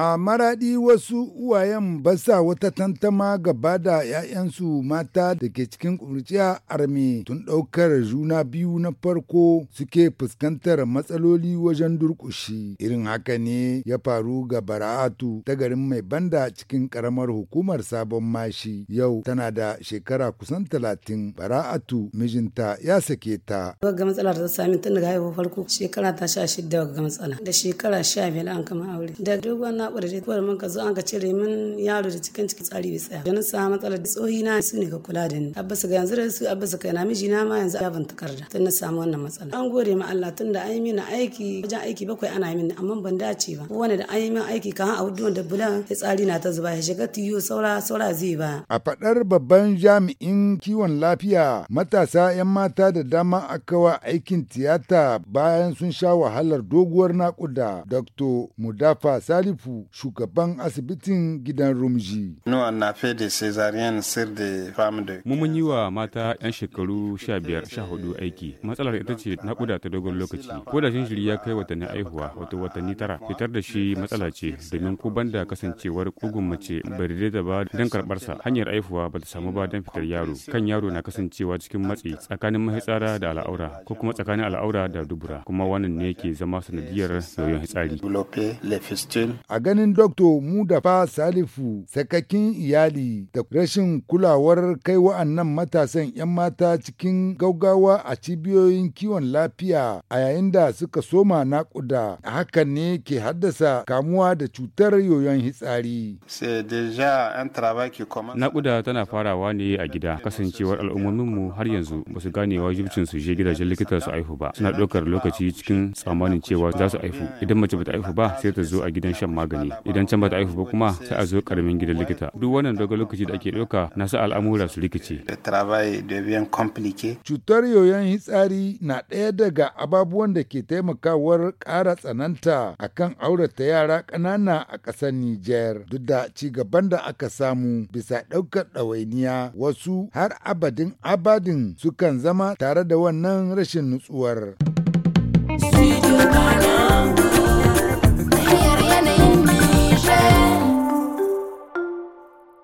A maraɗi wasu uwayen ba sa wata tantama gaba da 'ya'yansu mata da ke cikin ƙuruciya arme tun ɗaukar juna biyu na farko suke fuskantar matsaloli wajen durƙushi. Irin haka ne ya faru ga bara'atu ta garin mai banda cikin ƙaramar hukumar sabon mashi yau tana da shekara kusan talatin bara'atu mijinta ya sake ta. Ga matsala ta sami tun daga haihuwar farko shekara ta sha shidda ga matsala da shekara sha biyar an kama aure da dogon gabar da ko da mun ka zo an ka cire min yaro da cikin cikin tsari bai tsaya da na samu matsalar tsohi na su ne ka kula da ni abbasu ga yanzu da su abbasu kai na miji na ma yanzu ya ban takarda tun na samu wannan matsala an gode ma Allah tun da an yi min aiki wajen aiki bakwai ana mini amma ban dace ba wani da an yi min aiki kan a wuduwan da bulan ya tsari na ta zuba ya shiga tiyo saura saura zai ba a faɗar babban jami'in kiwon lafiya matasa 'yan mata da dama aka wa aikin tiyata bayan sun sha wahalar doguwar nakuda dr mudafa salifu shugaban asibitin gidan Rumji. Mu mun yi wa mata 'yan shekaru 15-14 aiki. Matsalar ita ce naƙuda ta dogon lokaci. Ko da jinjiri ya kai watanni aihuwa wato watanni tara fitar da shi matsala ce domin ko banda kasancewar kugun mace bai da ba don karɓarsa hanyar aihuwa ba ta samu ba don fitar yaro. Kan yaro na kasancewa cikin matsi tsakanin mahitsara da al'aura ko kuma tsakanin al'aura da dubura kuma wannan ne ke zama sanadiyar yoyon fitsari. A ganin dokto Mudafa Salifu sakakin iyali da rashin kulawar kai wa'annan matasan 'yan mata cikin gaugawa a cibiyoyin kiwon lafiya a yayin da suka soma naƙuda hakan ne ke haddasa kamuwa da cutar yoyon hitsari. Naƙuda tana farawa ne a gida kasancewar al'ummominmu har yanzu ba su gane wajibcin su je gidajen likita su aihu ba suna ɗaukar lokaci cikin tsammanin cewa za su aihu idan mace bata aihu ba sai ta zo a gidan shan magani ne idan can bata haihu ba kuma sai a zo karamin gidan likita duk wannan dogon lokaci da ake ɗauka na sa al'amura su rikice cutar yoyon hitsari na ɗaya daga ababuwan da ke taimakawar ƙara tsananta akan aurata yara ƙanana a ƙasar Nijar duk da ci gaban da aka samu bisa ɗaukar ɗawainiya wasu har abadin abadin sukan zama tare da wannan rashin nutsuwar. Studio